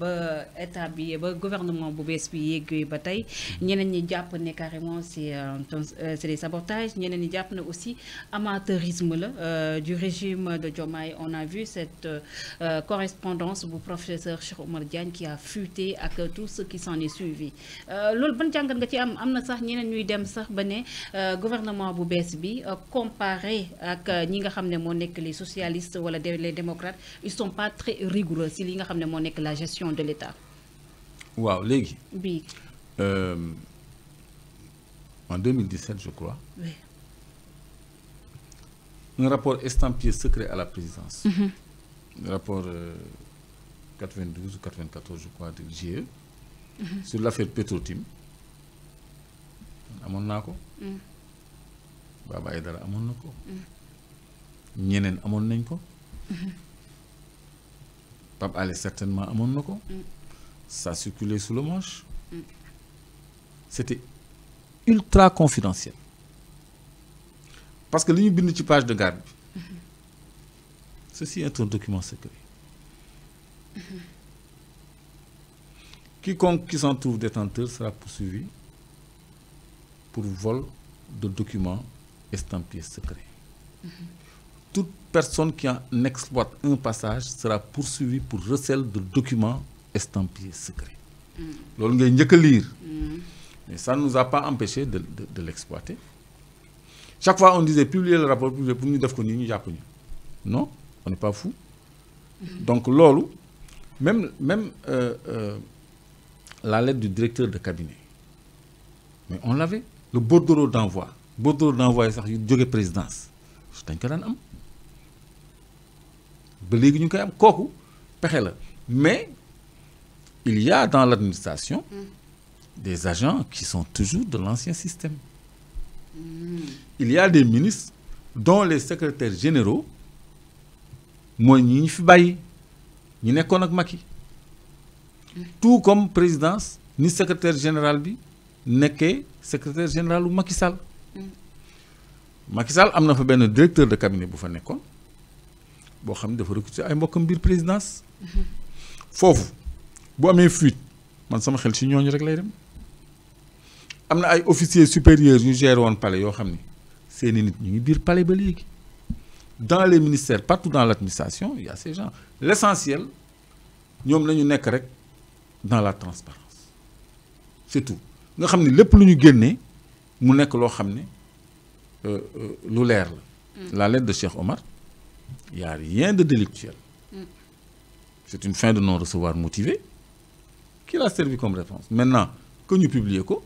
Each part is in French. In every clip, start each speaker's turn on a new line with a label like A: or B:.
A: ba état ba gouvernement bu bees bi yéeggee ba tey ñeneen ñi carrément c'est euh, euh, c'est des sabotages ñeneen ñi japp aussi amateurisme la euh, du régime de Diomaye on a vu cette correspondance du professeur Cheikh Omar Diagne qui a fuité avec tout ce qui s'en est suivi lool ban jangal nga ci am amna sax ñeneen ñuy dem sax gouvernement bu bees bi comparé ak ñi nga xamné mo nek les socialistes wala les démocrates ils sont pas très rigoureux si li nga xamné mo nek la gestion de l'État.
B: Wow, léegi. oui, euh, en 2017 je crois. un rapport estampillé secret à la présidence. Un mm-hmm. rapport 92 euh, ou 94 je crois de GIE. Mm-hmm. sur l'affaire Petrotim. Amon Nako. ko. Mm. Baba Aïdara Amon na ko. Mm. Amon Nenko. ko. Mm-hmm. Pape allait certainement à mon mm. ça circulait sous le manche. Mm. c'était ultra confidentiel. parce que l'unité page de garde mm-hmm. ceci est un document secret. Mm-hmm. Quiconque qui s'en trouve détenteur sera poursuivi pour vol de documents estampillés secrets. Mm-hmm toute personne qui en exploite un passage sera poursuivie pour recel de documents estampillés secrets. Mm. loolu ngay njëkk lire. Mm. mais ça ne nous a pas empêché de l'exploiter chaque fois on disait publier le rapport publier pour nous def ko nii ñu non on n'est pas fou. Mm. donc l'or, même euh, euh, la lettre du directeur de cabinet mais on l'avait le bordereau d'envoi bordereau d'envoi sax yu la présidence dañ un daan am mais il y a dans l'administration mm. des agents qui sont toujours de l'ancien système mm. il y a des ministres dont les secrétaires généraux mooy ñi fi bàyyi ñu ak mm. tout comme présidence ni secrétaire général bi nekkee secrétaire général de Macky Sall Macky Sall am fa directeur de cabinet bu fa boo xam ne dafa ci ay mbokkam biir présidence. foofu bu amee fuite man sama xel si ñooñu rek lay dem. am na ay officiers supérieurs ñu géré woon palais yoo xam ne seeni nit ñu ngi biir palais ba dans les ministères partout dans l'administration, il y a ces gens L'essentiel, essentiel ñoom nañu nekk rek dans la transparence C'est tout nga xam ne lépp lu ñu génnee mu nekk loo euh, euh, la. Mm. la lettre de Cheikh Omar. Il n'y a rien de délictuel. C'est une fin de non-recevoir motivée qui l'a servi comme réponse. Maintenant, que nous publions quoi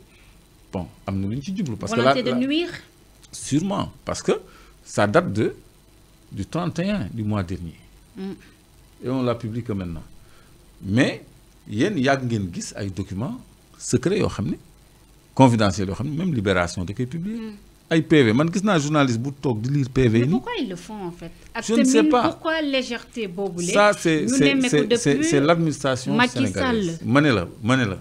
B: Bon, parce que là, de nuire Sûrement, parce que ça date de, du 31 du mois dernier. Mm. Et on la publie que maintenant. Mais, il y a des documents secrets, confidentiels, même Libération de publier. Mm ay PV man gis naa journaliste bu toog di lire PV ni. mais pourquoi
A: ils le font en fait. je ne sais pas pourquoi légèreté boobu ça c'est c'est c'est l'administration sénégalaise
B: ma ne la ma ne la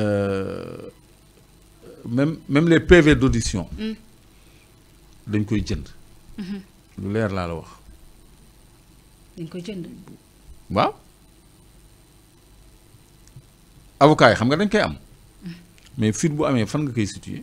B: euh, même même les PV d'audition. Hmm. dañ koy jënd. Mhm. lu leer laa la wax. dañ koy jënd. waaw. avocat yi xam nga dañ koy am. Hmm. mais fuite bu amee fan nga koy situé.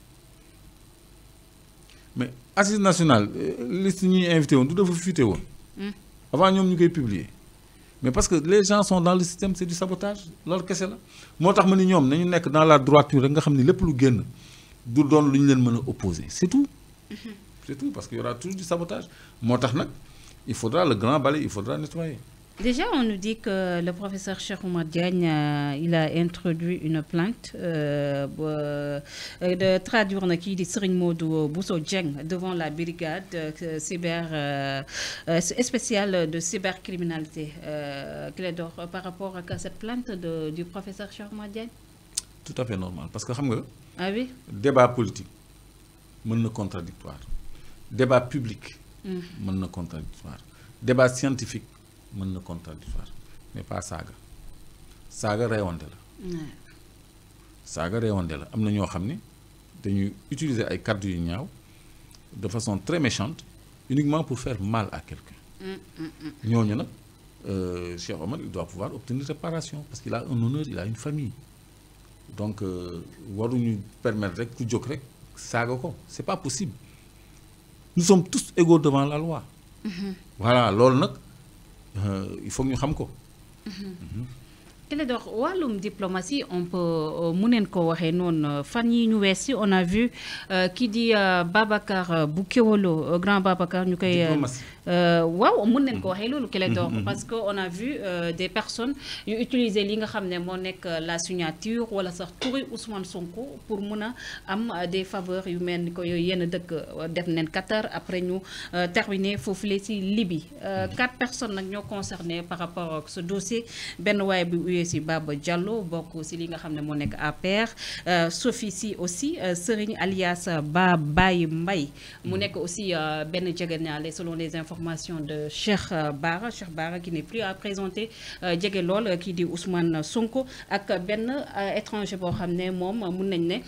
B: mais assise nationale liste invités invité woon du vous fuiter. on hmm. avant nous ñu publié. publier. mais parce que les gens sont dans le système c'est du sabotage Alors, qu'est-ce que c'est ma ni ñoom nañu dans la droiture rek nga les plus lépp lu génn du plus lu c'est tout. Hmm. c'est tout parce qu'il y aura toujours du sabotage moo il faudra le grand balai il faudra nettoyer.
A: Déjà, on nous dit que le professeur Cheikh Diagne, euh, il a introduit une plainte euh, euh, de traduire qui dit Serine Modou Bousso devant la brigade cyber, spéciale de cybercriminalité. Clédor, par rapport à cette plainte du professeur Cheikh Diagne
B: Tout à fait normal. Parce que, vous ah oui? débat politique, est contradictoire. Débat public, est mm. contradictoire. Débat scientifique, mën na contradictoire mais pas saaga saaga reewante Saga saaga reewante la am na ñoo xam ne dañuy utiliser ay utilisé yu ñaaw de façon très méchante uniquement pour faire mal à quelqu'un mm, mm, mm. ñooñu nag euh, Cheikh Omar il doit pouvoir obtenir réparation parce qu'il a un honneur il a une famille donc euh, waruñu permettre rek ku jóg rek saaga ko c'est pas possible nous sommes tous égaux devant la loi. Mm-hmm. voilà loolu nag. Euh, il faut ñu xam ko. Mm-hmm. Mm-hmm.
A: Clédor wàllum diplomatie on peut euh, mu neen ko waxee noonu euh, on a vu qui euh, dit Babacar Boukewolo, grand Babacar ñu koy waaw mun quoi ko mm-hmm. waxee loolu Clédor mm-hmm. parce que on a vu des personnes yu utiliser li nga xam la signature ou la sortie Ousmane Sonko pour mouna am des faveurs humaines mel ni ko yooyu yenn def Qatar après ñu terminer foofu si Libye mm-hmm. quatre personnes nous concernées par rapport à ce dossier Benoît si Baba Diallo beaucoup si li nga xam ne moo euh, Sophie si aussi euh, Serigne alias Ba Baye Mon mu nek aussi Ben jegeñaale selon les informations de Cheikh Bara Cheikh Bara qui n'est plus à présenter jege qui qui dit Ousmane Sonko ak Ben, étranger bo xam mom moom mun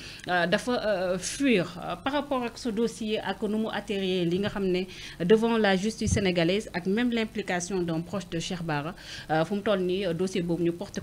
A: dafa fuir par rapport à ce dossier ak nu mu nous li nga devant la justice sénégalaise ak même l'implication d'un proche de Cheikh Bara fum toll dossier pour ñu porte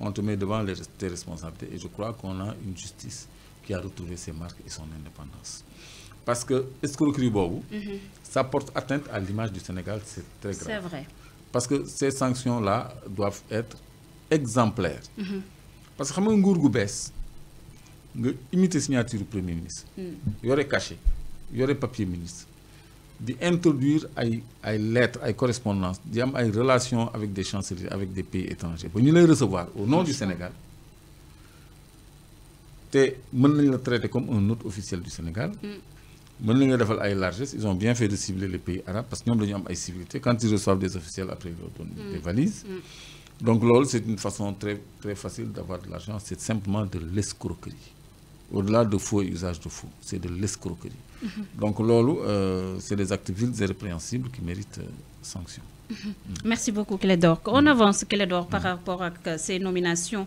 B: on te met devant les, tes responsabilités. Et je crois qu'on a une justice qui a retrouvé ses marques et son indépendance. Parce que escroquerie Bobo, mhm. ça porte atteinte à l'image du Sénégal, c'est très grave. C'est vrai. Parce que ces sanctions-là doivent être exemplaires. Mhm. Parce que un gourgou baisse, imite signature du Premier ministre, il mm. y aurait caché, il y aurait papier ministre d'introduire introduire lettres des correspondances des relations avec des chanceliers, avec des pays étrangers pour nous les recevoir au nom du Sénégal On les comme un autre officiel du Sénégal. Mm. ils ont bien fait de cibler les pays arabes parce que ont dañu quand ils reçoivent des officiels après ils leur mm. des valises. Mm. donc c'est une façon très très facile d'avoir de l'argent c'est simplement de l'escroquerie au-delà de faux et usage de faux, c'est de l'escroquerie. Mhm. Donc, lolo, euh, c'est des actes vils et répréhensibles qui méritent euh, sanction. Mhm.
A: Merci beaucoup, Kledor. On mhm. avance, Kélédor, par rapport à ces nominations